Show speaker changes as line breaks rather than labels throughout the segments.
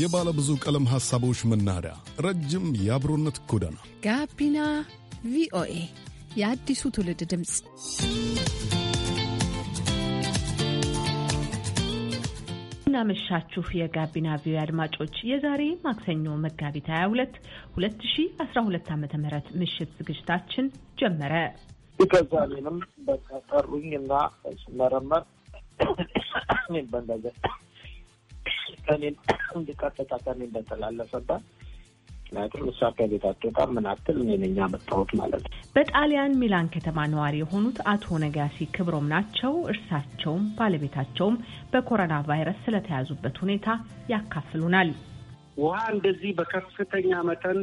የባለ ብዙ ቀለም ሐሳቦች መናኸሪያ፣ ረጅም የአብሮነት ጎዳና
ጋቢና ቪኦኤ የአዲሱ ትውልድ ድምፅ።
እናመሻችሁ የጋቢና ቪዮ አድማጮች የዛሬ ማክሰኞ መጋቢት 22 2012 ዓ ም ምሽት ዝግጅታችን ጀመረ።
ከዛኔንም በጠሩኝ እና ስመረመር በእንደዚያ ከኔን እንድቀጥታ ከኔ እንደተላለፈባት ምክንያቱም እሷ ከቤት ጋር ምን አትል እኔ ነኝ ያመጣሁት ማለት
ነው። በጣሊያን ሚላን ከተማ ነዋሪ የሆኑት አቶ ነጋሲ ክብሮም ናቸው። እርሳቸውም ባለቤታቸውም በኮሮና ቫይረስ ስለተያዙበት ሁኔታ ያካፍሉናል።
ውሃ እንደዚህ በከፍተኛ መጠን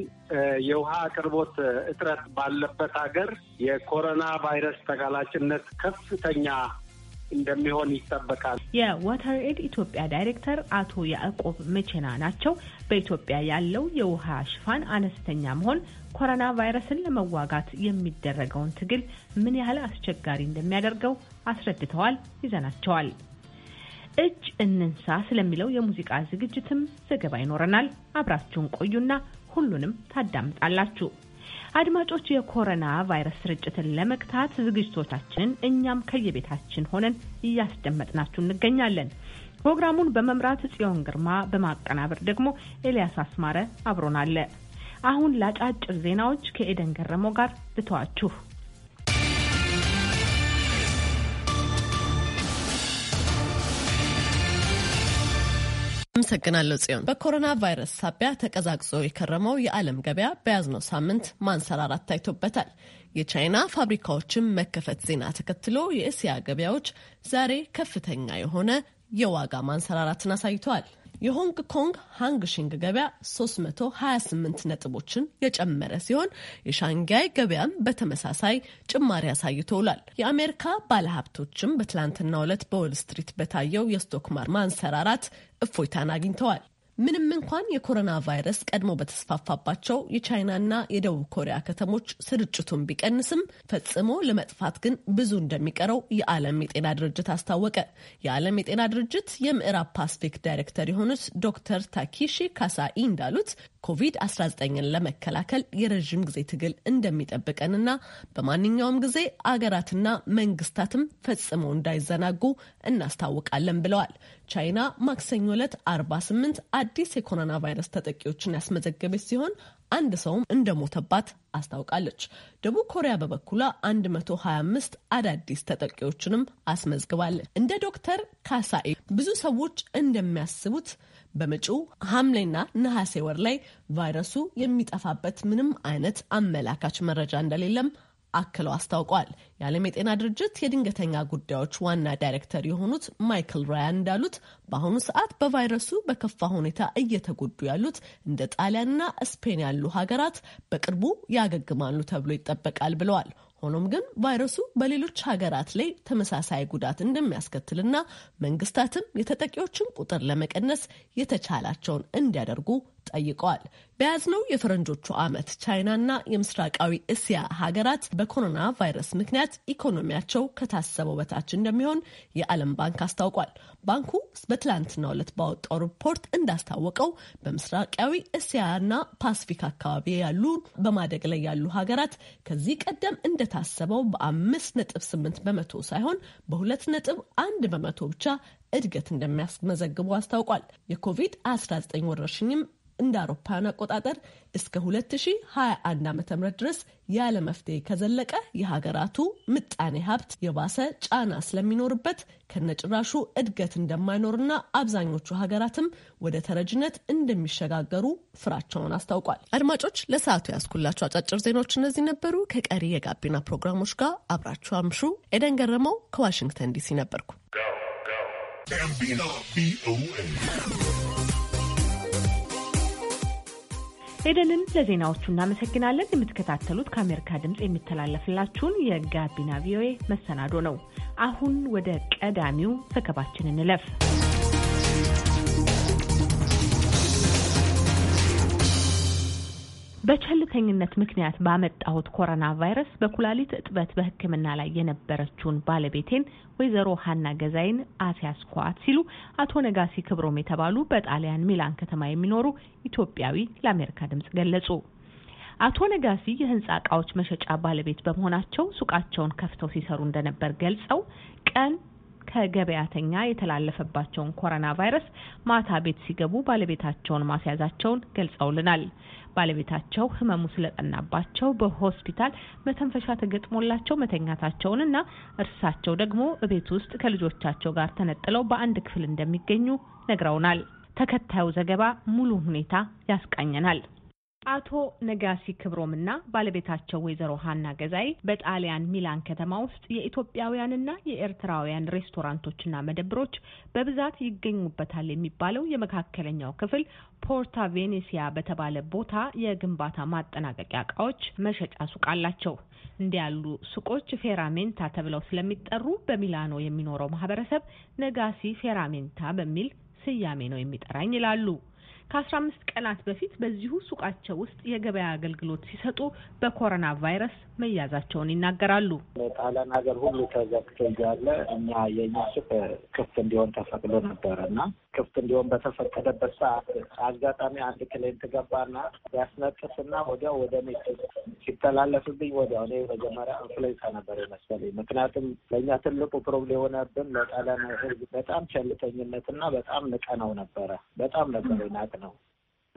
የውሃ አቅርቦት እጥረት ባለበት ሀገር የኮሮና ቫይረስ ተጋላጭነት ከፍተኛ እንደሚሆን ይጠበቃል።
የዋተር ኤድ ኢትዮጵያ ዳይሬክተር አቶ ያዕቆብ መቼና ናቸው። በኢትዮጵያ ያለው የውሃ ሽፋን አነስተኛ መሆን ኮሮና ቫይረስን ለመዋጋት የሚደረገውን ትግል ምን ያህል አስቸጋሪ እንደሚያደርገው አስረድተዋል። ይዘናቸዋል። እጅ እንንሳ ስለሚለው የሙዚቃ ዝግጅትም ዘገባ ይኖረናል። አብራችሁን ቆዩና ሁሉንም ታዳምጣላችሁ። አድማጮች፣ የኮሮና ቫይረስ ስርጭትን ለመግታት ዝግጅቶቻችንን እኛም ከየቤታችን ሆነን እያስደመጥናችሁ እንገኛለን። ፕሮግራሙን በመምራት ጽዮን ግርማ፣ በማቀናበር ደግሞ ኤልያስ አስማረ አብሮናለ። አሁን ለአጫጭር ዜናዎች ከኤደን ገረመው ጋር
ልተዋችሁ። አመሰግናለሁ ጽዮን። በኮሮና ቫይረስ ሳቢያ ተቀዛቅዞ የከረመው የዓለም ገበያ በያዝነው ሳምንት ማንሰራራት ታይቶበታል። የቻይና ፋብሪካዎችን መከፈት ዜና ተከትሎ የእስያ ገበያዎች ዛሬ ከፍተኛ የሆነ የዋጋ ማንሰራራትን አሳይተዋል። የሆንግ ኮንግ ሃንግሽንግ ገበያ 328 ነጥቦችን የጨመረ ሲሆን የሻንጋይ ገበያም በተመሳሳይ ጭማሪ አሳይቶ ውሏል። የአሜሪካ ባለሀብቶችም በትላንትናው ዕለት በወል ስትሪት በታየው የስቶክ ማር ማንሰራራት እፎይታን አግኝተዋል። ምንም እንኳን የኮሮና ቫይረስ ቀድሞ በተስፋፋባቸው የቻይናና የደቡብ ኮሪያ ከተሞች ስርጭቱን ቢቀንስም ፈጽሞ ለመጥፋት ግን ብዙ እንደሚቀረው የዓለም የጤና ድርጅት አስታወቀ። የዓለም የጤና ድርጅት የምዕራብ ፓስፊክ ዳይሬክተር የሆኑት ዶክተር ታኪሺ ካሳኢ እንዳሉት ኮቪድ-19ን ለመከላከል የረዥም ጊዜ ትግል እንደሚጠብቀንና በማንኛውም ጊዜ አገራትና መንግስታትም ፈጽሞ እንዳይዘናጉ እናስታውቃለን ብለዋል። ቻይና ማክሰኞ ዕለት 48 አዲስ የኮሮና ቫይረስ ተጠቂዎችን ያስመዘገበች ሲሆን አንድ ሰውም እንደሞተባት አስታውቃለች። ደቡብ ኮሪያ በበኩሏ 125 አዳዲስ ተጠቂዎችንም አስመዝግባለች። እንደ ዶክተር ካሳኤ ብዙ ሰዎች እንደሚያስቡት በመጪው ሐምሌና ነሐሴ ወር ላይ ቫይረሱ የሚጠፋበት ምንም አይነት አመላካች መረጃ እንደሌለም አክለው አስታውቋል። የዓለም የጤና ድርጅት የድንገተኛ ጉዳዮች ዋና ዳይሬክተር የሆኑት ማይክል ራያን እንዳሉት በአሁኑ ሰዓት በቫይረሱ በከፋ ሁኔታ እየተጎዱ ያሉት እንደ ጣሊያንና ስፔን ያሉ ሀገራት በቅርቡ ያገግማሉ ተብሎ ይጠበቃል ብለዋል። ሆኖም ግን ቫይረሱ በሌሎች ሀገራት ላይ ተመሳሳይ ጉዳት እንደሚያስከትልና መንግስታትም የተጠቂዎችን ቁጥር ለመቀነስ የተቻላቸውን እንዲያደርጉ ጠይቀዋል። በያዝነው የፈረንጆቹ ዓመት ቻይናና የምስራቃዊ እስያ ሀገራት በኮሮና ቫይረስ ምክንያት ኢኮኖሚያቸው ከታሰበው በታች እንደሚሆን የዓለም ባንክ አስታውቋል። ባንኩ በትላንትናው ዕለት ባወጣው ሪፖርት እንዳስታወቀው በምስራቃዊ እስያና ፓስፊክ አካባቢ ያሉ በማደግ ላይ ያሉ ሀገራት ከዚህ ቀደም እንደታሰበው በአምስት ነጥብ ስምንት በመቶ ሳይሆን በሁለት ነጥብ አንድ በመቶ ብቻ እድገት እንደሚያስመዘግቡ አስታውቋል። የኮቪድ-19 ወረርሽኝም እንደ አውሮፓውያን አቆጣጠር እስከ 2021 ዓ ም ድረስ ያለ መፍትሄ ከዘለቀ የሀገራቱ ምጣኔ ሀብት የባሰ ጫና ስለሚኖርበት ከነጭራሹ እድገት እንደማይኖርና አብዛኞቹ ሀገራትም ወደ ተረጅነት እንደሚሸጋገሩ ፍራቸውን አስታውቋል። አድማጮች ለሰዓቱ ያስኩላቸው አጫጭር ዜናዎች እነዚህ ነበሩ። ከቀሪ የጋቢና ፕሮግራሞች ጋር አብራችሁ አምሹ። ኤደን ገረመው ከዋሽንግተን ዲሲ ነበርኩ።
ኤደንን ለዜናዎቹ እናመሰግናለን። የምትከታተሉት ከአሜሪካ ድምፅ የሚተላለፍላችሁን የጋቢና ቪኦኤ መሰናዶ ነው። አሁን ወደ ቀዳሚው ዘገባችን እንለፍ። በቸልተኝነት ምክንያት ባመጣሁት ኮሮና ቫይረስ በኩላሊት እጥበት በሕክምና ላይ የነበረችውን ባለቤቴን ወይዘሮ ሀና ገዛይን አስያዝኳት ሲሉ አቶ ነጋሲ ክብሮም የተባሉ በጣሊያን ሚላን ከተማ የሚኖሩ ኢትዮጵያዊ ለአሜሪካ ድምጽ ገለጹ። አቶ ነጋሲ የህንጻ እቃዎች መሸጫ ባለቤት በመሆናቸው ሱቃቸውን ከፍተው ሲሰሩ እንደነበር ገልጸው ቀን ከገበያተኛ የተላለፈባቸውን ኮሮና ቫይረስ ማታ ቤት ሲገቡ ባለቤታቸውን ማስያዛቸውን ገልጸውልናል። ባለቤታቸው ህመሙ ስለጠናባቸው በሆስፒታል መተንፈሻ ተገጥሞላቸው መተኛታቸውን እና እርሳቸው ደግሞ እቤት ውስጥ ከልጆቻቸው ጋር ተነጥለው በአንድ ክፍል እንደሚገኙ ነግረውናል። ተከታዩ ዘገባ ሙሉ ሁኔታ ያስቃኘናል። አቶ ነጋሲ ክብሮምና ባለቤታቸው ወይዘሮ ሀና ገዛይ በጣሊያን ሚላን ከተማ ውስጥ የኢትዮጵያውያንና የኤርትራውያን ሬስቶራንቶችና መደብሮች በብዛት ይገኙበታል የሚባለው የመካከለኛው ክፍል ፖርታ ቬኔሲያ በተባለ ቦታ የግንባታ ማጠናቀቂያ እቃዎች መሸጫ ሱቅ አላቸው። እንዲህ ያሉ ሱቆች ፌራሜንታ ተብለው ስለሚጠሩ በሚላኖ የሚኖረው ማህበረሰብ ነጋሲ ፌራሜንታ በሚል ስያሜ ነው የሚጠራኝ ይላሉ። ከ15 ቀናት በፊት በዚሁ ሱቃቸው ውስጥ የገበያ አገልግሎት ሲሰጡ በኮሮና ቫይረስ መያዛቸውን ይናገራሉ።
ጣሊያን ሀገር ሁሉ ተዘግቶ እያለ እኛ የኛ ሱቅ ክፍት እንዲሆን ተፈቅዶ ነበረ እና ክፍት እንዲሆን በተፈቀደበት ሰዓት አጋጣሚ አንድ ክሌንት ገባና ያስነጥስና ወዲያው ወደ እኔ ሲተላለፍብኝ ወዲያው እኔ መጀመሪያ ኢንፍሉዌንሳ ነበር የመሰለኝ። ምክንያቱም ለእኛ ትልቁ ፕሮብሌም የሆነብን ለጣሊያን ህዝብ በጣም ቸልተኝነትና በጣም ንቀነው ነበረ። በጣም ነበር ናቅ ነው።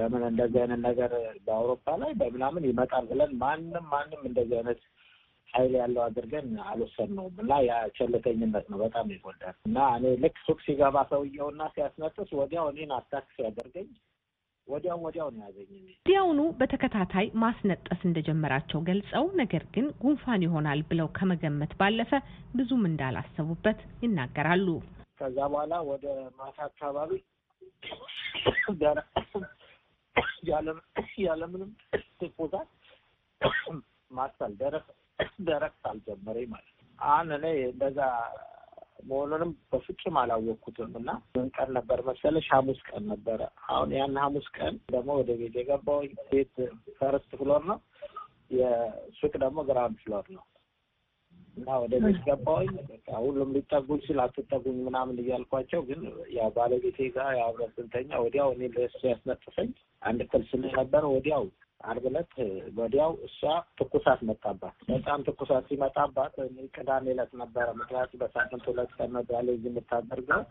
ለምን እንደዚህ አይነት ነገር በአውሮፓ ላይ በምናምን ይመጣል ብለን ማንም ማንም እንደዚህ አይነት ኃይል ያለው አድርገን አልወሰድነውም እና ያ ቸልተኝነት ነው በጣም ይጎዳል። እና እኔ ልክ ሱቅ ሲገባ ሰውየውና ሲያስነጥስ ወዲያው እኔን አታክ ሲያደርገኝ ወዲያው ወዲያውን ያዘኝ።
ወዲያውኑ በተከታታይ ማስነጠስ እንደጀመራቸው ገልጸው ነገር ግን ጉንፋን ይሆናል ብለው ከመገመት ባለፈ ብዙም እንዳላሰቡበት ይናገራሉ።
ከዛ በኋላ ወደ ማታ አካባቢ ያለምንም ትኩሳት ማሳል ደረቅ ዳይሬክት አልጀመረ ማለት ነው። አሁን እኔ እንደዛ መሆኑንም በፍጹም አላወቅኩትም እና ምን ቀን ነበር መሰለሽ? ሐሙስ ቀን ነበረ። አሁን ያን ሐሙስ ቀን ደግሞ ወደ ቤት የገባው ቤት ፈርስት ፍሎር ነው፣ የሱቅ ደግሞ ግራንድ ፍሎር ነው እና ወደ ቤት ገባሁኝ። ሁሉም ሊጠጉኝ ሲል አትጠጉኝ ምናምን እያልኳቸው ግን ያው ባለቤቴ ጋር ያው ስንተኛ ወዲያው እኔ ለሱ ያስነጥፈኝ አንድ ክፍል ነበር ወዲያው አርብ ዕለት ወዲያው እሷ ትኩሳት መጣባት። በጣም ትኩሳት ሲመጣባት ቅዳሜ ዕለት ነበረ። ምክንያቱም በሳምንት ሁለት ቀን ነው የምታደርገው።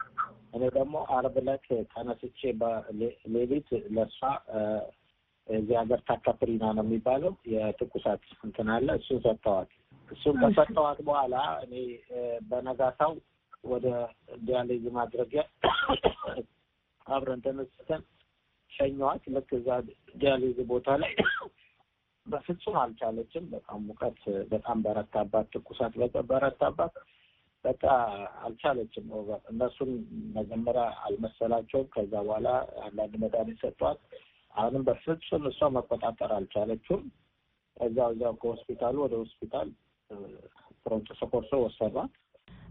እኔ ደግሞ አርብ ዕለት ተነስቼ ሌሊት ለእሷ እዚህ ሀገር ታካፕሪና ነው የሚባለው የትኩሳት እንትን አለ። እሱን ሰጥተዋት እሱን ከሰጠዋት በኋላ እኔ በነጋታው ወደ ዲያሌዝ ማድረጊያ አብረን ተነስተን ሸኘዋት። ልክ እዛ ዲያሊዝ ቦታ ላይ በፍጹም አልቻለችም። በጣም ሙቀት በጣም በረታባት፣ ትኩሳት በረታባት። በቃ አልቻለችም። እነሱም መጀመሪያ አልመሰላቸውም። ከዛ በኋላ አንዳንድ መድኃኒት ሰጧት። አሁንም በፍጹም እሷ መቆጣጠር አልቻለችም። እዛው እዛው ከሆስፒታሉ ወደ ሆስፒታል ፕሮንቶ ሰኮርሶ ወሰዷት።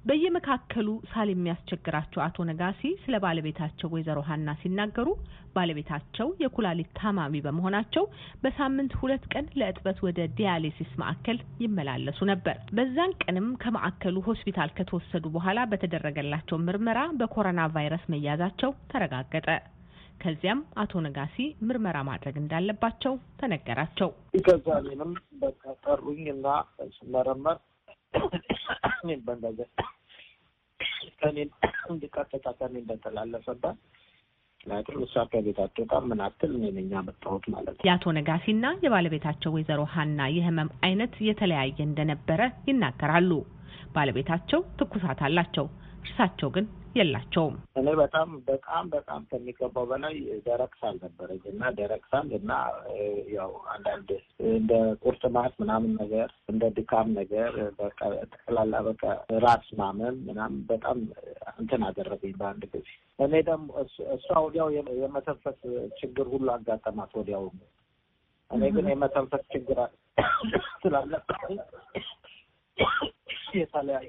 በየመካከሉ ሳል የሚያስቸግራቸው አቶ ነጋሲ ስለ ባለቤታቸው ወይዘሮ ሀና ሲናገሩ ባለቤታቸው የኩላሊት ታማሚ በመሆናቸው በሳምንት ሁለት ቀን ለእጥበት ወደ ዲያሊሲስ ማዕከል ይመላለሱ ነበር። በዛን ቀንም ከማዕከሉ ሆስፒታል ከተወሰዱ በኋላ በተደረገላቸው ምርመራ በኮሮና ቫይረስ መያዛቸው ተረጋገጠ። ከዚያም አቶ ነጋሲ ምርመራ ማድረግ እንዳለባቸው ተነገራቸው።
ከዛ እኔንም በቃ ጠሩኝ እና ስመረመር ከኔን እንድቀጥታ ከኔ እንደተላለፈባት ምክንያቱም እሷ ከቤት አትወጣም ምን አትል እኔ ነኝ ያመጣሁት ማለት
ነው። የአቶ ነጋሲና የባለቤታቸው ወይዘሮ ሀና የህመም አይነት የተለያየ እንደነበረ ይናገራሉ። ባለቤታቸው ትኩሳት አላቸው፣ እርሳቸው ግን የላቸውም።
እኔ በጣም በጣም በጣም ከሚገባው በላይ ደረቅ ሳል ነበረኝ እና ደረቅ ሳል እና ያው አንዳንድ እንደ ቁርጥማት ምናምን ነገር እንደ ድካም ነገር በቃ ጠቅላላ በቃ ራስ ማመም ምናምን በጣም እንትን አደረገኝ በአንድ ጊዜ። እኔ ደግሞ እሷ ወዲያው የመተንፈስ ችግር ሁሉ አጋጠማት ወዲያው። እኔ ግን የመተንፈስ ችግር ስላለ የተለያዩ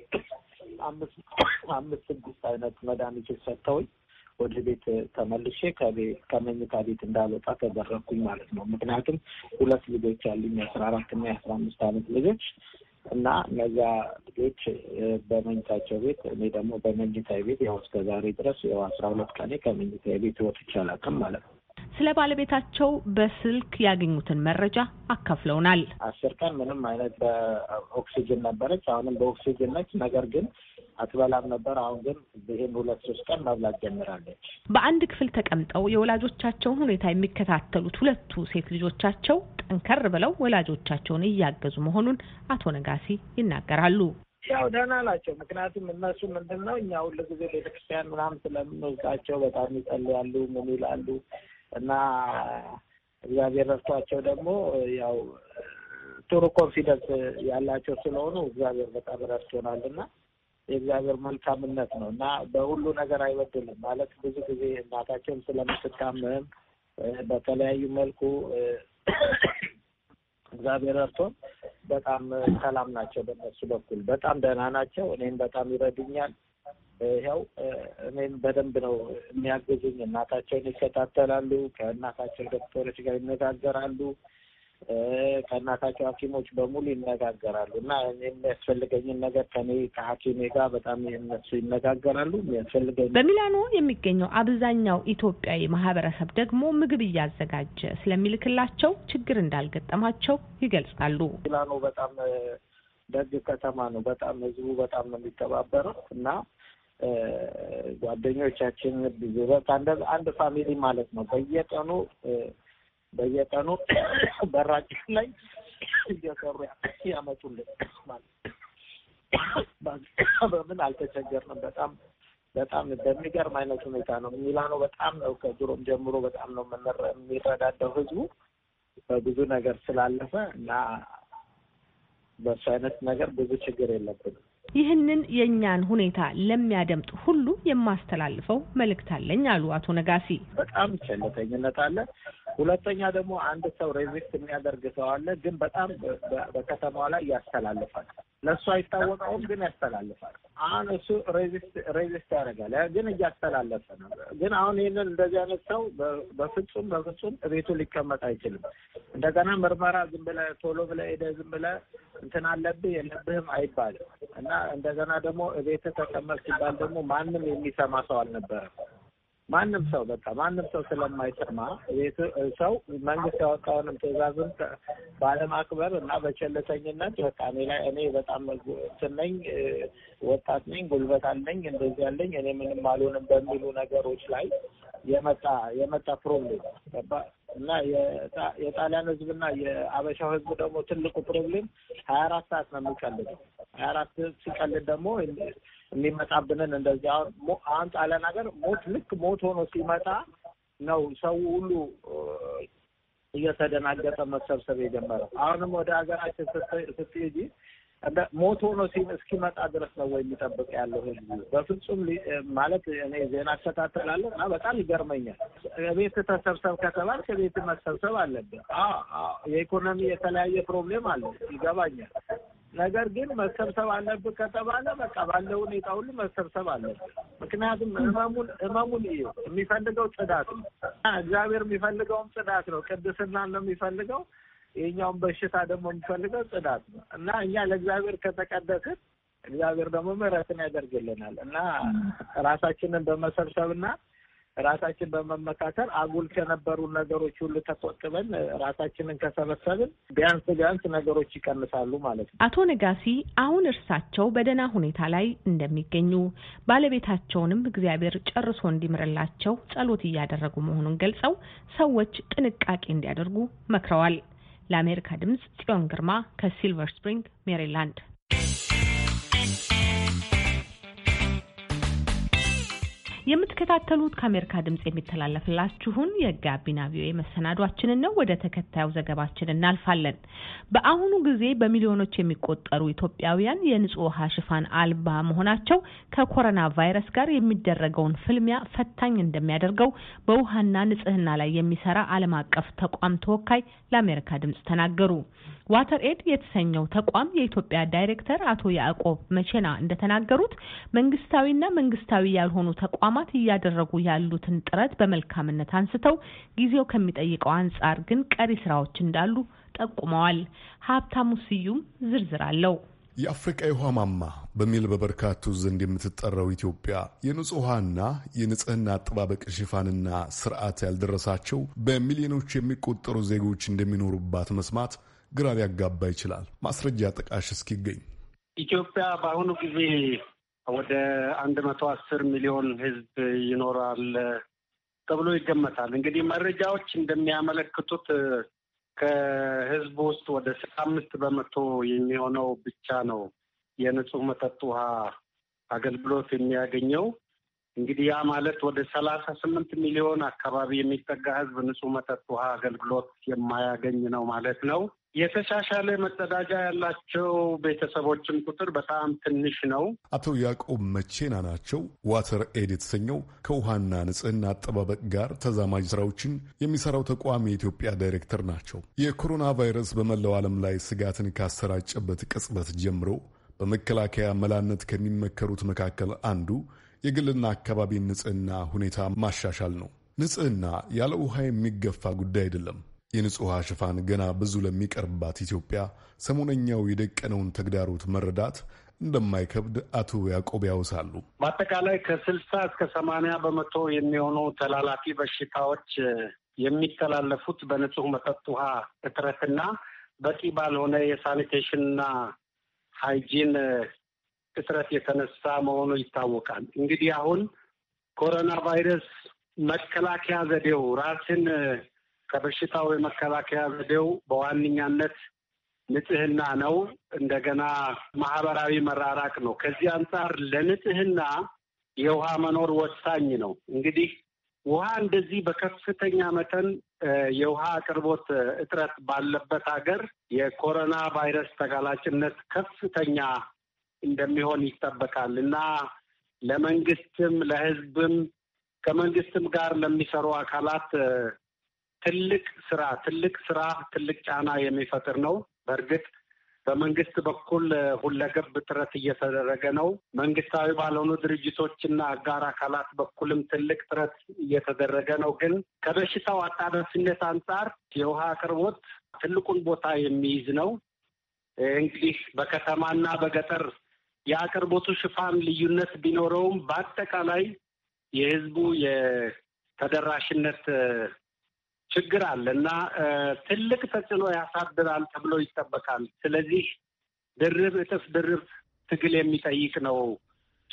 አምስት አምስት ስድስት አይነት መድኃኒቶች ሰጥተውኝ ወደ ቤት ተመልሼ ከቤት ከመኝታ ቤት እንዳልወጣ ተደረግኩኝ ማለት ነው። ምክንያቱም ሁለት ልጆች አሉኝ የአስራ አራት እና የአስራ አምስት አመት ልጆች እና እነዚያ ልጆች በመኝታቸው ቤት እኔ ደግሞ በመኝታ ቤት ያው እስከ ዛሬ ድረስ ያው አስራ ሁለት ቀኔ ከመኝታ ቤት ወጥቼ አላውቅም ማለት ነው።
ስለ ባለቤታቸው በስልክ ያገኙትን መረጃ አካፍለውናል።
አስር ቀን ምንም አይነት በኦክሲጅን ነበረች። አሁንም በኦክሲጅን ነች። ነገር ግን አትበላም ነበር። አሁን ግን ይህን ሁለት ሶስት ቀን መብላት ጀምራለች።
በአንድ ክፍል ተቀምጠው የወላጆቻቸውን ሁኔታ የሚከታተሉት ሁለቱ ሴት ልጆቻቸው ጠንከር ብለው ወላጆቻቸውን እያገዙ መሆኑን አቶ ነጋሲ ይናገራሉ።
ያው ደህና ናቸው። ምክንያቱም እነሱ ምንድን ነው እኛ ሁሉ ጊዜ ቤተክርስቲያን ምናምን ስለምንወስዳቸው በጣም ይጸልያሉ፣ ምን ይላሉ እና እግዚአብሔር ረድቷቸው ደግሞ ያው ጥሩ ኮንፊደንስ ያላቸው ስለሆኑ እግዚአብሔር በጣም ረድቶናል እና የእግዚአብሔር መልካምነት ነው እና በሁሉ ነገር አይበድልም ማለት ብዙ ጊዜ እናታቸውም ስለምትታመም በተለያዩ መልኩ እግዚአብሔር እርቶ በጣም ሰላም ናቸው። በነሱ በኩል በጣም ደህና ናቸው። እኔም በጣም ይረዱኛል። ያው እኔም በደንብ ነው የሚያግዙኝ። እናታቸውን ይከታተላሉ። ከእናታቸው ዶክተሮች ጋር ይነጋገራሉ። ከእናታቸው ሐኪሞች በሙሉ ይነጋገራሉ እና የሚያስፈልገኝን ነገር ከኔ ከሐኪሜ ጋር በጣም እነሱ ይነጋገራሉ። የሚያስፈልገኝ በሚላኖ
የሚገኘው አብዛኛው ኢትዮጵያዊ ማህበረሰብ ደግሞ ምግብ እያዘጋጀ ስለሚልክላቸው ችግር እንዳልገጠማቸው ይገልጻሉ።
ሚላኖ በጣም ደግ ከተማ ነው። በጣም ህዝቡ በጣም ነው የሚተባበረው እና ጓደኞቻችን በቃ አንድ ፋሚሊ ማለት ነው። በየቀኑ በየቀኑ በራችን ላይ እየሰሩ ያመጡልን ማለት በምን አልተቸገርንም። በጣም በጣም በሚገርም አይነት ሁኔታ ነው። ሚላኖ በጣም ነው ከድሮም ጀምሮ በጣም ነው የሚረዳዳው ህዝቡ በብዙ ነገር ስላለፈ እና በሱ አይነት ነገር ብዙ ችግር የለብንም።
ይህንን የእኛን ሁኔታ ለሚያደምጥ ሁሉ የማስተላልፈው መልእክት አለኝ አሉ አቶ ነጋሲ።
በጣም ቸልተኝነት አለ። ሁለተኛ ደግሞ አንድ ሰው ሬዚክት የሚያደርግ ሰው አለ፣ ግን በጣም በከተማዋ ላይ ያስተላልፋል። ለእሱ አይታወቀውም፣ ግን ያስተላልፋል። አሁን እሱ ሬዚስት ያደርጋል፣ ግን እያስተላለፈ ነው። ግን አሁን ይህንን እንደዚህ አይነት ሰው በፍጹም በፍጹም ቤቱ ሊቀመጥ አይችልም። እንደገና ምርመራ ዝም ብለህ ቶሎ ብለህ ሄደህ ዝም ብለህ እንትን አለብህ የለብህም አይባልም እና እንደገና ደግሞ እቤት ተቀመጥ ሲባል ደግሞ ማንም የሚሰማ ሰው አልነበረም። ማንም ሰው በቃ ማንም ሰው ስለማይሰማ ቤት ሰው መንግስት ያወጣውንም ትዕዛዝም ባለማክበር እና በቸልተኝነት በቃ እኔ ላይ እኔ በጣም እንትን ነኝ፣ ወጣት ነኝ፣ ጉልበት አለኝ፣ እንደዚህ ያለኝ እኔ ምንም አልሆንም በሚሉ ነገሮች ላይ የመጣ የመጣ ፕሮብሌም እና የጣሊያን ህዝብና የአበሻው ህዝብ ደግሞ ትልቁ ፕሮብሌም ሀያ አራት ሰዓት ነው የሚቀልደው። ሀያ አራት ሲቀልድ ደግሞ የሚመጣብንን እንደዚህ አሁን ጣሊያን ሀገር ሞት ልክ ሞት ሆኖ ሲመጣ ነው ሰው ሁሉ እየተደናገጠ መሰብሰብ የጀመረው። አሁንም ወደ ሀገራችን ስትሄጂ ሞቶ ነው እስኪመጣ ድረስ ነው ወይ የሚጠብቅ ያለው ህዝቡ? በፍጹም ማለት እኔ ዜና እከታተላለሁ እና በጣም ይገርመኛል። ቤት ተሰብሰብ ከተባል ከቤት መሰብሰብ አለብን። የኢኮኖሚ የተለያየ ፕሮብሌም አለ ይገባኛል። ነገር ግን መሰብሰብ አለብህ ከተባለ በቃ ባለው ሁኔታ ሁሉ መሰብሰብ አለብ ምክንያቱም ህመሙን ህመሙን እዩ የሚፈልገው ጽዳት ነው። እግዚአብሔር የሚፈልገውም ጽዳት ነው። ቅድስናን ነው የሚፈልገው ይህኛውን በሽታ ደግሞ የሚፈልገው ጽዳት ነው እና እኛ ለእግዚአብሔር ከተቀደስን እግዚአብሔር ደግሞ ምሕረትን ያደርግልናል እና ራሳችንን በመሰብሰብና ራሳችን በመመካከል አጉል ከነበሩ ነገሮች ሁሉ ተቆጥበን ራሳችንን ከሰበሰብን ቢያንስ ቢያንስ ነገሮች ይቀንሳሉ ማለት ነው።
አቶ ነጋሲ አሁን እርሳቸው በደህና ሁኔታ ላይ እንደሚገኙ ባለቤታቸውንም እግዚአብሔር ጨርሶ እንዲምርላቸው ጸሎት እያደረጉ መሆኑን ገልጸው ሰዎች ጥንቃቄ እንዲያደርጉ መክረዋል። ለአሜሪካ ድምጽ ጽዮን ግርማ ከሲልቨር ስፕሪንግ ሜሪላንድ የምትከታተሉት ከአሜሪካ ድምጽ የሚተላለፍላችሁን የጋቢና ቪኦኤ መሰናዷችንን ነው። ወደ ተከታዩ ዘገባችን እናልፋለን። በአሁኑ ጊዜ በሚሊዮኖች የሚቆጠሩ ኢትዮጵያውያን የንጹህ ውሃ ሽፋን አልባ መሆናቸው ከኮሮና ቫይረስ ጋር የሚደረገውን ፍልሚያ ፈታኝ እንደሚያደርገው በውሃና ንጽህና ላይ የሚሰራ ዓለም አቀፍ ተቋም ተወካይ ለአሜሪካ ድምጽ ተናገሩ። ዋተር ኤድ የተሰኘው ተቋም የኢትዮጵያ ዳይሬክተር አቶ ያዕቆብ መቼና እንደተናገሩት መንግስታዊና መንግስታዊ ያልሆኑ ተቋማት ተቋማት እያደረጉ ያሉትን ጥረት በመልካምነት አንስተው ጊዜው ከሚጠይቀው አንጻር ግን ቀሪ ስራዎች እንዳሉ ጠቁመዋል። ሀብታሙ ስዩም ዝርዝር አለው።
የአፍሪቃ የውሃ ማማ በሚል በበርካቱ ዘንድ የምትጠራው ኢትዮጵያ የንጹህ ውሃና የንጽህና አጠባበቅ ሽፋንና ስርዓት ያልደረሳቸው በሚሊዮኖች የሚቆጠሩ ዜጎች እንደሚኖሩባት መስማት ግራ ሊያጋባ ይችላል። ማስረጃ ጠቃሽ እስኪገኝ
ኢትዮጵያ በአሁኑ ጊዜ ወደ አንድ መቶ አስር ሚሊዮን ህዝብ ይኖራል ተብሎ ይገመታል። እንግዲህ መረጃዎች እንደሚያመለክቱት ከህዝቡ ውስጥ ወደ ስልሳ አምስት በመቶ የሚሆነው ብቻ ነው የንጹህ መጠጥ ውሃ አገልግሎት የሚያገኘው። እንግዲህ ያ ማለት ወደ ሰላሳ ስምንት ሚሊዮን አካባቢ የሚጠጋ ህዝብ ንጹህ መጠጥ ውሃ አገልግሎት የማያገኝ ነው ማለት ነው። የተሻሻለ መጸዳጃ ያላቸው ቤተሰቦችን ቁጥር በጣም ትንሽ ነው።
አቶ ያዕቆብ መቼና ናቸው ዋተር ኤድ የተሰኘው ከውሃና ንጽህና አጠባበቅ ጋር ተዛማጅ ስራዎችን የሚሰራው ተቋም የኢትዮጵያ ዳይሬክተር ናቸው። የኮሮና ቫይረስ በመላው ዓለም ላይ ስጋትን ካሰራጨበት ቅጽበት ጀምሮ በመከላከያ መላነት ከሚመከሩት መካከል አንዱ የግልና አካባቢን ንጽህና ሁኔታ ማሻሻል ነው። ንጽህና ያለ ውሃ የሚገፋ ጉዳይ አይደለም። የንጹሕ ውሃ ሽፋን ገና ብዙ ለሚቀርብባት ኢትዮጵያ ሰሞነኛው የደቀነውን ተግዳሮት መረዳት እንደማይከብድ አቶ ያዕቆብ ያውሳሉ።
በአጠቃላይ ከስልሳ እስከ ሰማንያ በመቶ የሚሆኑ ተላላፊ በሽታዎች የሚተላለፉት በንጹህ መጠጥ ውሃ እጥረትና በቂ ባልሆነ የሳኒቴሽንና ሃይጂን እጥረት የተነሳ መሆኑ ይታወቃል። እንግዲህ አሁን ኮሮና ቫይረስ መከላከያ ዘዴው ራስን ከበሽታው የመከላከያ ዘዴው በዋነኛነት ንጽህና ነው። እንደገና ማህበራዊ መራራቅ ነው። ከዚህ አንጻር ለንጽህና የውሃ መኖር ወሳኝ ነው። እንግዲህ ውሃ እንደዚህ በከፍተኛ መጠን የውሃ አቅርቦት እጥረት ባለበት ሀገር የኮሮና ቫይረስ ተጋላጭነት ከፍተኛ እንደሚሆን ይጠበቃል እና ለመንግስትም ለህዝብም ከመንግስትም ጋር ለሚሰሩ አካላት ትልቅ ስራ ትልቅ ስራ ትልቅ ጫና የሚፈጥር ነው። በእርግጥ በመንግስት በኩል ሁለገብ ጥረት እየተደረገ ነው። መንግስታዊ ባልሆኑ ድርጅቶችና አጋር አካላት በኩልም ትልቅ ጥረት እየተደረገ ነው። ግን ከበሽታው አጣዳፊነት አንጻር የውሃ አቅርቦት ትልቁን ቦታ የሚይዝ ነው። እንግዲህ በከተማና በገጠር የአቅርቦቱ ሽፋን ልዩነት ቢኖረውም በአጠቃላይ የህዝቡ የተደራሽነት ችግር አለ እና ትልቅ ተጽዕኖ ያሳድራል ተብሎ ይጠበቃል። ስለዚህ ድርብ እጥፍ ድርብ ትግል የሚጠይቅ ነው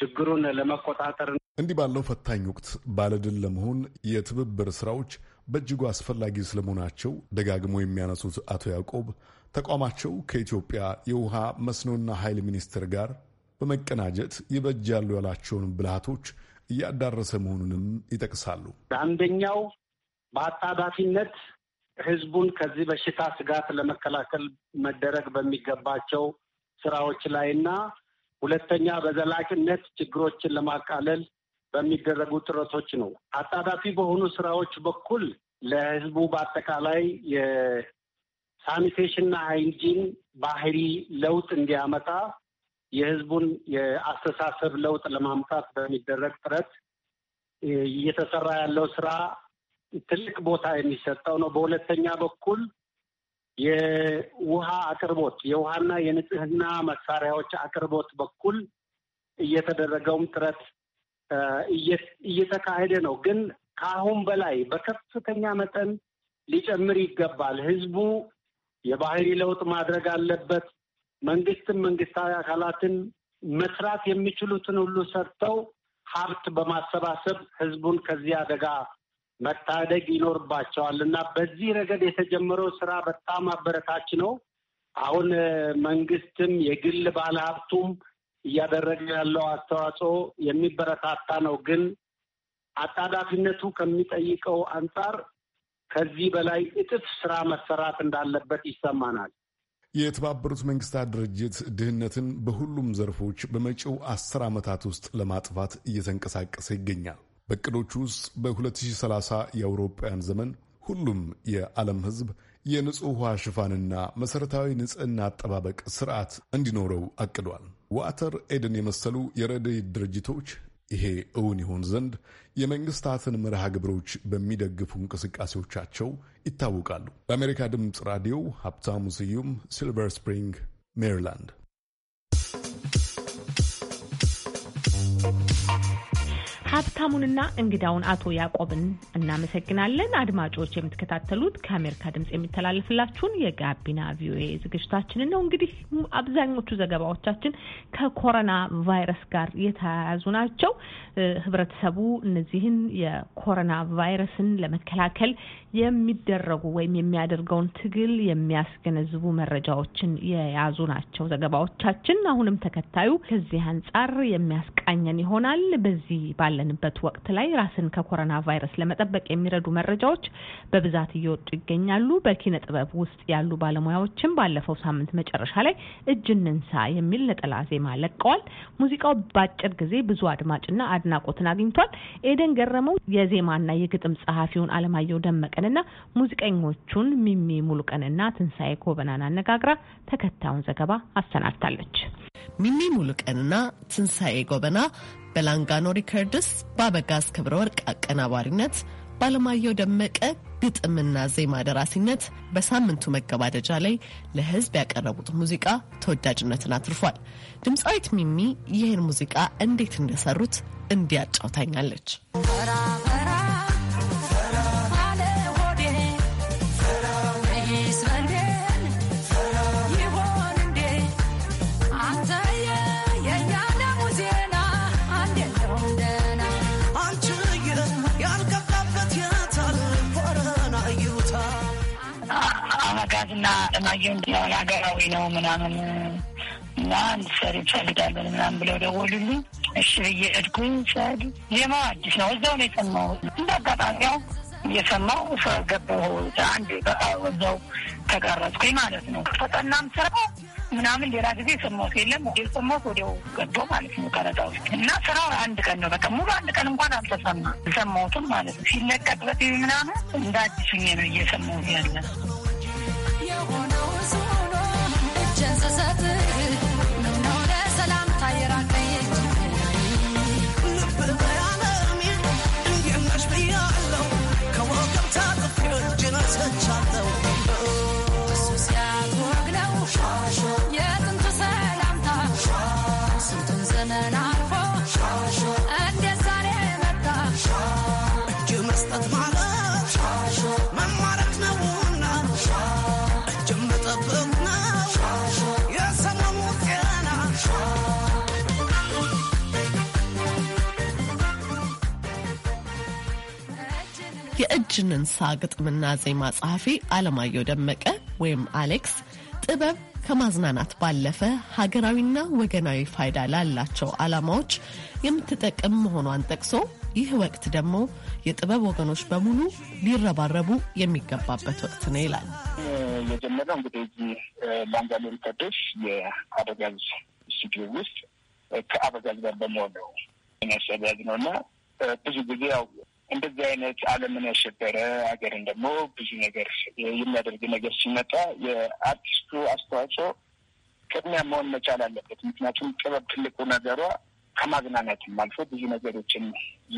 ችግሩን ለመቆጣጠር።
እንዲህ ባለው ፈታኝ ወቅት ባለድል ለመሆን የትብብር ስራዎች በእጅጉ አስፈላጊ ስለመሆናቸው ደጋግሞ የሚያነሱት አቶ ያዕቆብ ተቋማቸው ከኢትዮጵያ የውሃ መስኖና ኃይል ሚኒስቴር ጋር በመቀናጀት ይበጃሉ ያላቸውን ብልሃቶች እያዳረሰ መሆኑንም ይጠቅሳሉ።
አንደኛው በአጣዳፊነት ህዝቡን ከዚህ በሽታ ስጋት ለመከላከል መደረግ በሚገባቸው ስራዎች ላይ እና ሁለተኛ በዘላቂነት ችግሮችን ለማቃለል በሚደረጉ ጥረቶች ነው። አጣዳፊ በሆኑ ስራዎች በኩል ለህዝቡ በአጠቃላይ የሳኒቴሽንና ሃይንጂን ባህሪ ለውጥ እንዲያመጣ የህዝቡን የአስተሳሰብ ለውጥ ለማምጣት በሚደረግ ጥረት እየተሰራ ያለው ስራ ትልቅ ቦታ የሚሰጠው ነው። በሁለተኛ በኩል የውሃ አቅርቦት የውሃና የንጽህና መሳሪያዎች አቅርቦት በኩል እየተደረገውም ጥረት እየተካሄደ ነው። ግን ከአሁን በላይ በከፍተኛ መጠን ሊጨምር ይገባል። ህዝቡ የባህሪ ለውጥ ማድረግ አለበት። መንግስትም መንግስታዊ አካላትን መስራት የሚችሉትን ሁሉ ሰርተው ሀብት በማሰባሰብ ህዝቡን ከዚህ አደጋ መታደግ ይኖርባቸዋል እና በዚህ ረገድ የተጀመረው ስራ በጣም አበረታች ነው። አሁን መንግስትም የግል ባለሀብቱም እያደረገ ያለው አስተዋጽኦ የሚበረታታ ነው። ግን አጣዳፊነቱ ከሚጠይቀው አንጻር ከዚህ በላይ እጥፍ ስራ መሰራት እንዳለበት ይሰማናል።
የተባበሩት መንግስታት ድርጅት ድህነትን በሁሉም ዘርፎች በመጪው አስር ዓመታት ውስጥ ለማጥፋት እየተንቀሳቀሰ ይገኛል። በእቅዶቹ ውስጥ በ2030 የአውሮፓውያን ዘመን ሁሉም የዓለም ሕዝብ የንጹህ ውሃ ሽፋንና መሠረታዊ ንጽህና አጠባበቅ ስርዓት እንዲኖረው አቅዷል። ዋተር ኤድን የመሰሉ የረድኤት ድርጅቶች ይሄ እውን ይሆን ዘንድ የመንግስታትን መርሃ ግብሮች በሚደግፉ እንቅስቃሴዎቻቸው ይታወቃሉ። ለአሜሪካ ድምፅ ራዲዮ ሀብታሙ ስዩም ሲልቨር ስፕሪንግ ሜሪላንድ
ሀብታሙንና እንግዳውን አቶ ያዕቆብን እናመሰግናለን። አድማጮች የምትከታተሉት ከአሜሪካ ድምጽ የሚተላለፍላችሁን የጋቢና ቪኦኤ ዝግጅታችንን ነው። እንግዲህ አብዛኞቹ ዘገባዎቻችን ከኮሮና ቫይረስ ጋር የተያያዙ ናቸው። ህብረተሰቡ እነዚህን የኮሮና ቫይረስን ለመከላከል የሚደረጉ ወይም የሚያደርገውን ትግል የሚያስገነዝቡ መረጃዎችን የያዙ ናቸው ዘገባዎቻችን። አሁንም ተከታዩ ከዚህ አንጻር የሚያስቃኘን ይሆናል። በዚህ ባለን ባለንበት ወቅት ላይ ራስን ከኮሮና ቫይረስ ለመጠበቅ የሚረዱ መረጃዎች በብዛት እየወጡ ይገኛሉ። በኪነ ጥበብ ውስጥ ያሉ ባለሙያዎችም ባለፈው ሳምንት መጨረሻ ላይ እጅ እንንሳ የሚል ነጠላ ዜማ ለቀዋል። ሙዚቃው በአጭር ጊዜ ብዙ አድማጭና አድናቆትን አግኝቷል። ኤደን ገረመው የዜማና የግጥም ጸሐፊውን አለማየሁ ደመቀንና ሙዚቀኞቹን ሚሚ ሙሉቀንና ትንሣኤ ጎበናን አነጋግራ ተከታዩን ዘገባ አሰናድታለች።
ሚሚ ሙሉቀንና ትንሣኤ ጎበና በላንጋኖ ሪከርድስ በአበጋዝ ክብረ ወርቅ አቀናባሪነት ባለማየሁ ደመቀ ግጥምና ዜማ ደራሲነት በሳምንቱ መገባደጃ ላይ ለሕዝብ ያቀረቡት ሙዚቃ ተወዳጅነትን አትርፏል። ድምፃዊት ሚሚ ይህን ሙዚቃ እንዴት እንደሰሩት እንዲያጫውታኛለች።
እና ጥማየው እንደሆነ ሀገራዊ ነው ምናምን እና እንድትሰሪ እንፈልጋለን ምናምን ብለው ደወሉልኝ። እሺ ብዬ እድጉኝ ሰድ ዜማ አዲስ ነው። እዛው ነው የሰማሁት። እንደ አጋጣሚ ያው እየሰማሁ ገባሁ። አንድ እዛው ተቀረጽኩኝ ማለት ነው። ፈጠናም ስራ ምናምን ሌላ ጊዜ የሰማሁት የለም። ወዲያው ሰማሁት፣ ወዲያው ገዶ ማለት ነው ቀረጻ ውስጥ እና ስራው አንድ ቀን ነው በቃ ሙሉ አንድ ቀን እንኳን አልተሰማ ሰማሁትም ማለት ነው። ሲለቀቅበት ምናምን እንደ አዲስ ነው እየሰማሁት ያለ Oh
የጅንንሳ ግጥምና ዜማ ጸሐፊ አለማየሁ ደመቀ ወይም አሌክስ ጥበብ ከማዝናናት ባለፈ ሀገራዊና ወገናዊ ፋይዳ ላላቸው ዓላማዎች የምትጠቅም መሆኗን ጠቅሶ ይህ ወቅት ደግሞ የጥበብ ወገኖች በሙሉ ሊረባረቡ የሚገባበት ወቅት ነው ይላል።
የጀመረው እንግዲህ እዚህ ላንጋሎ ሪከርዶች የአበጋዝ ስቱዲዮ ውስጥ ከአበጋዝ ጋር በመሆን ነው የሚያሰጋዝ ነው እና ብዙ ጊዜ ያው እንደዚህ አይነት ዓለምን ያሸበረ ሀገርን ደግሞ ብዙ ነገር የሚያደርግ ነገር ሲመጣ የአርቲስቱ አስተዋጽኦ ቅድሚያ መሆን መቻል አለበት። ምክንያቱም ጥበብ ትልቁ ነገሯ ከማዝናናትም አልፎ ብዙ ነገሮችን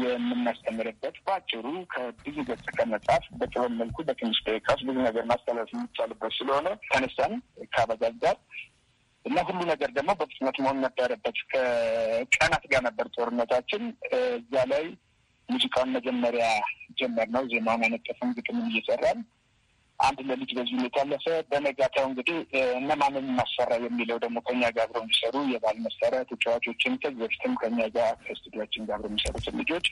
የምናስተምርበት በአጭሩ ከብዙ ገጽ ከመጽሐፍ በጥበብ መልኩ በትንሽ ደቂቃ ውስጥ ብዙ ነገር ማስተላለፍ የሚቻልበት ስለሆነ ተነሳን ከአበጋዝ ጋር እና ሁሉ ነገር ደግሞ በፍጥነት መሆን ነበረበት። ከቀናት ጋር ነበር ጦርነታችን እዛ ላይ ሙዚቃን መጀመሪያ ጀመር ነው። ዜማውን አነጠፍን፣ ግጥምን እየሰራን አንድ ለልጅ በዚህ ሁኔታ ያለፈ። በነጋታው እንግዲህ እነማንን እናሰራ የሚለው ደግሞ ከኛ ጋር አብረው የሚሰሩ የባል መሳሪያ ተጫዋቾችን ከዚህ በፊትም ከኛ ጋር ከስቱዲያችን ጋር አብረው የሚሰሩትን ልጆች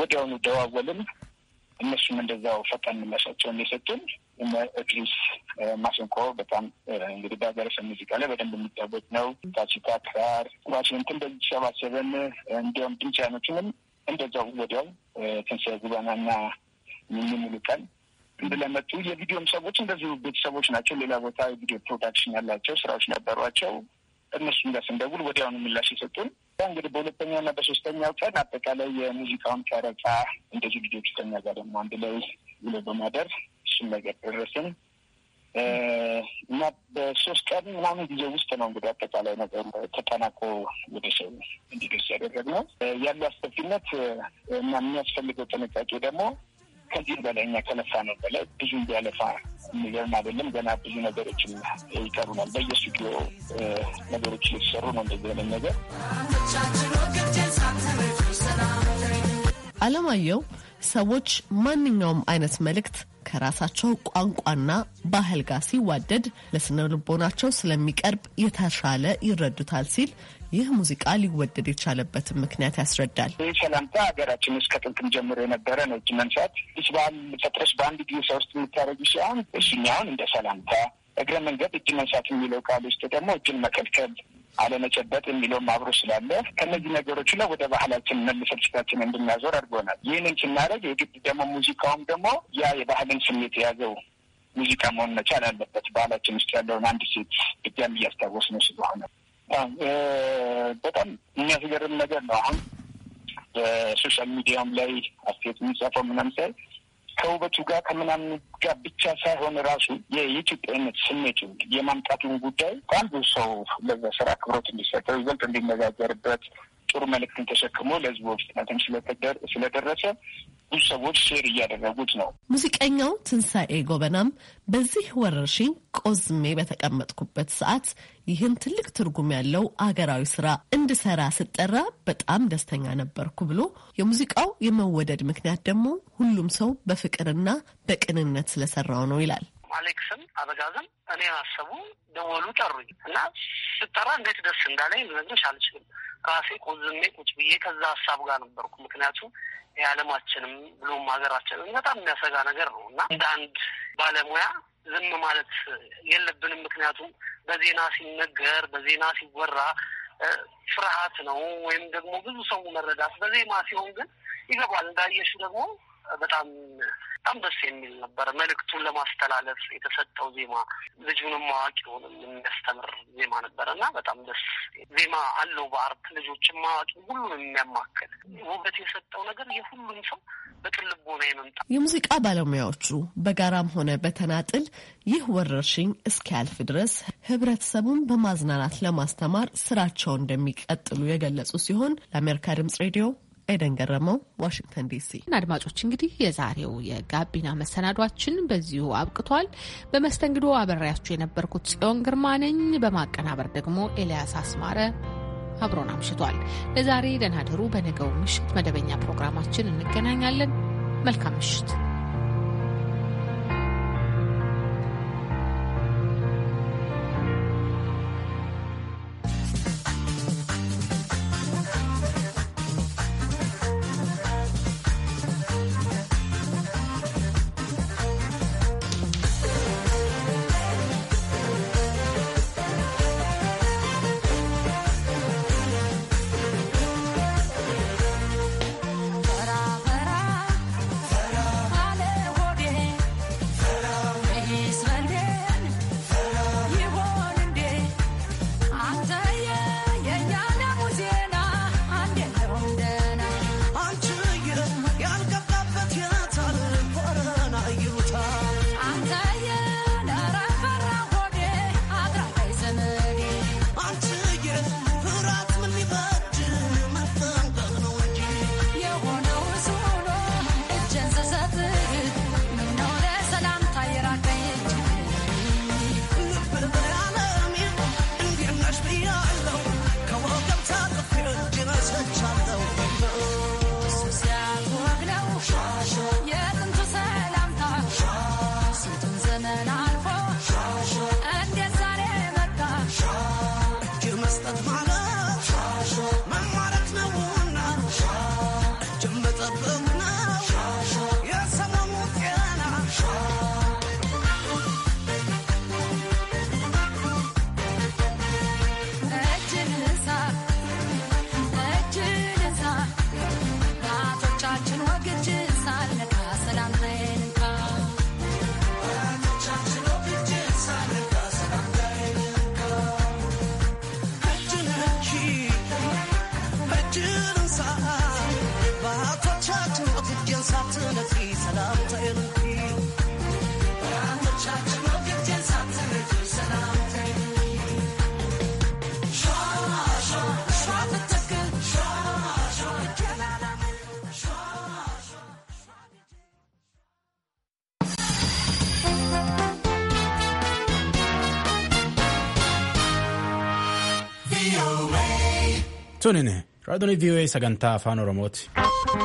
ወዲያውኑ ደዋወልን። እነሱም እንደዛው ፈጣን ምላሻቸውን የሰጡን። እድሪስ ማሰንቆ በጣም እንግዲህ በሀገረሰብ ሙዚቃ ላይ በደንብ የሚጫወት ነው። ታሲካ፣ ክራር፣ ዋሽንት በዚህ ሰባሰበን ድምፅ ድምፃውያኖችንም እንደዛው ወዲያው ትንሣኤ ጉባኤና የሚሙሉ ቀን እንደለመጡ የቪዲዮም ሰዎች እንደዚሁ ቤተሰቦች ናቸው። ሌላ ቦታ የቪዲዮ ፕሮዳክሽን ያላቸው ስራዎች ነበሯቸው። እነሱ ጋር ስንደውል ወዲያውኑ ምላሽ የሰጡን እንግዲህ በሁለተኛና በሶስተኛው ቀን አጠቃላይ የሙዚቃውን ቀረጻ እንደዚህ ልጆቹ ከኛ ጋር ደግሞ አንድ ላይ ውሎ በማደር እሱን ነገር ደረስን። እና በሶስት ቀን ምናምን ጊዜ ውስጥ ነው እንግዲህ አጠቃላይ ነገር ተጠናቆ ወደ ሰው እንዲደርስ ያደረግነው። ያለው አስከፊነት እና የሚያስፈልገው ጥንቃቄ ደግሞ ከዚህ በላይ እኛ ከለፋ ነው በላይ ብዙ እንዲያለፋ የሚገርም አይደለም። ገና ብዙ ነገሮች ይቀሩናል። በየስቱዲዮ ነገሮች ሊሰሩ ነው። እንደዚህ አይነት ነገር
አለማየሁ ሰዎች ማንኛውም አይነት መልእክት ከራሳቸው ቋንቋና ባህል ጋር ሲዋደድ ለስነ ልቦናቸው ስለሚቀርብ የተሻለ ይረዱታል ሲል ይህ ሙዚቃ ሊወደድ የቻለበትን ምክንያት ያስረዳል።
ይህ ሰላምታ ሀገራችን ውስጥ ከጥንትም ጀምሮ የነበረ ነው። እጅ መንሳት ይች በዓል ፈጥረሽ በአንድ ጊዜ ሰው ውስጥ የምታደረጉ ሲሆን እሽኛውን እንደ ሰላምታ እግረ መንገድ እጅ መንሳት የሚለው ቃል ውስጥ ደግሞ እጅን መከልከል አለመጨበጥ የሚለውም አብሮ ስላለ ከነዚህ ነገሮች ላይ ወደ ባህላችን መልሰን ፊታችን እንድናዞር አድርጎናል። ይህንን ስናደርግ የግድ ደግሞ ሙዚቃውም ደግሞ ያ የባህልን ስሜት የያዘው ሙዚቃ መሆን መቻል አለበት። ባህላችን ውስጥ ያለውን አንድ ሴት ግዳም እያስታወስ ነው ስለሆነ በጣም የሚያስገርም ነገር ነው። አሁን በሶሻል ሚዲያም ላይ አስተያየት የሚጻፈው ምናምን ሳይ ከውበቱ ጋር ከምናምን ጋር ብቻ ሳይሆን ራሱ የኢትዮጵያነት ስሜቱን የማምጣቱን ጉዳይ አንዱ ሰው ለዛ ስራ ክብሮት እንዲሰጠው ይበልጥ እንዲነጋገርበት ጥሩ መልእክትን ተሸክሞ ለህዝቡ ውስጥ ስለደረሰ ብዙ ሰዎች ሼር እያደረጉት ነው።
ሙዚቀኛው ትንሣኤ ጎበናም በዚህ ወረርሽኝ ቆዝሜ በተቀመጥኩበት ሰዓት ይህን ትልቅ ትርጉም ያለው አገራዊ ስራ እንድሰራ ስጠራ በጣም ደስተኛ ነበርኩ ብሎ የሙዚቃው የመወደድ ምክንያት ደግሞ ሁሉም ሰው በፍቅርና በቅንነት ስለሰራው ነው ይላል።
አሌክስም አበጋዝም እኔ አሰቡ ደወሉ ጠሩኝ እና ስጠራ እንዴት
ደስ እንዳለኝ ልነግርሽ አልችልም። ራሴ ቆዝሜ ቁጭ ብዬ ከዛ ሀሳብ ጋር ነበርኩ። ምክንያቱም የዓለማችንም ብሎም ሀገራችንም በጣም የሚያሰጋ ነገር ነው እና እንደ አንድ ባለሙያ ዝም ማለት የለብንም። ምክንያቱም በዜና ሲነገር በዜና ሲወራ ፍርሃት ነው ወይም ደግሞ ብዙ ሰው መረዳት፣ በዜማ ሲሆን ግን ይገባል እንዳየሽ ደግሞ በጣም በጣም ደስ የሚል ነበር። መልእክቱን ለማስተላለፍ የተሰጠው ዜማ ልጁንም አዋቂውንም የሚያስተምር ዜማ ነበር እና በጣም ደስ ዜማ አለው። በአርት ልጆችም አዋቂ ሁሉንም የሚያማክል ውበት የሰጠው ነገር
የሁሉም ሰው በቅን
ልቦና የሙዚቃ ባለሙያዎቹ በጋራም ሆነ በተናጥል ይህ ወረርሽኝ እስኪያልፍ ድረስ ህብረተሰቡን በማዝናናት ለማስተማር ስራቸውን እንደሚቀጥሉ የገለጹ ሲሆን ለአሜሪካ ድምጽ ሬዲዮ ኤደን ገረመው፣ ዋሽንግተን ዲሲ። አድማጮች እንግዲህ የዛሬው የጋቢና መሰናዷችን በዚሁ አብቅቷል።
በመስተንግዶ አበራያችሁ የነበርኩት ጽዮን ግርማ ነኝ። በማቀናበር ደግሞ ኤልያስ አስማረ አብሮን አምሽቷል። ለዛሬ ደህና ደሩ። በነገው ምሽት መደበኛ ፕሮግራማችን እንገናኛለን። መልካም ምሽት።
tunin raadiyoo voa sagantaa afaan oromooti.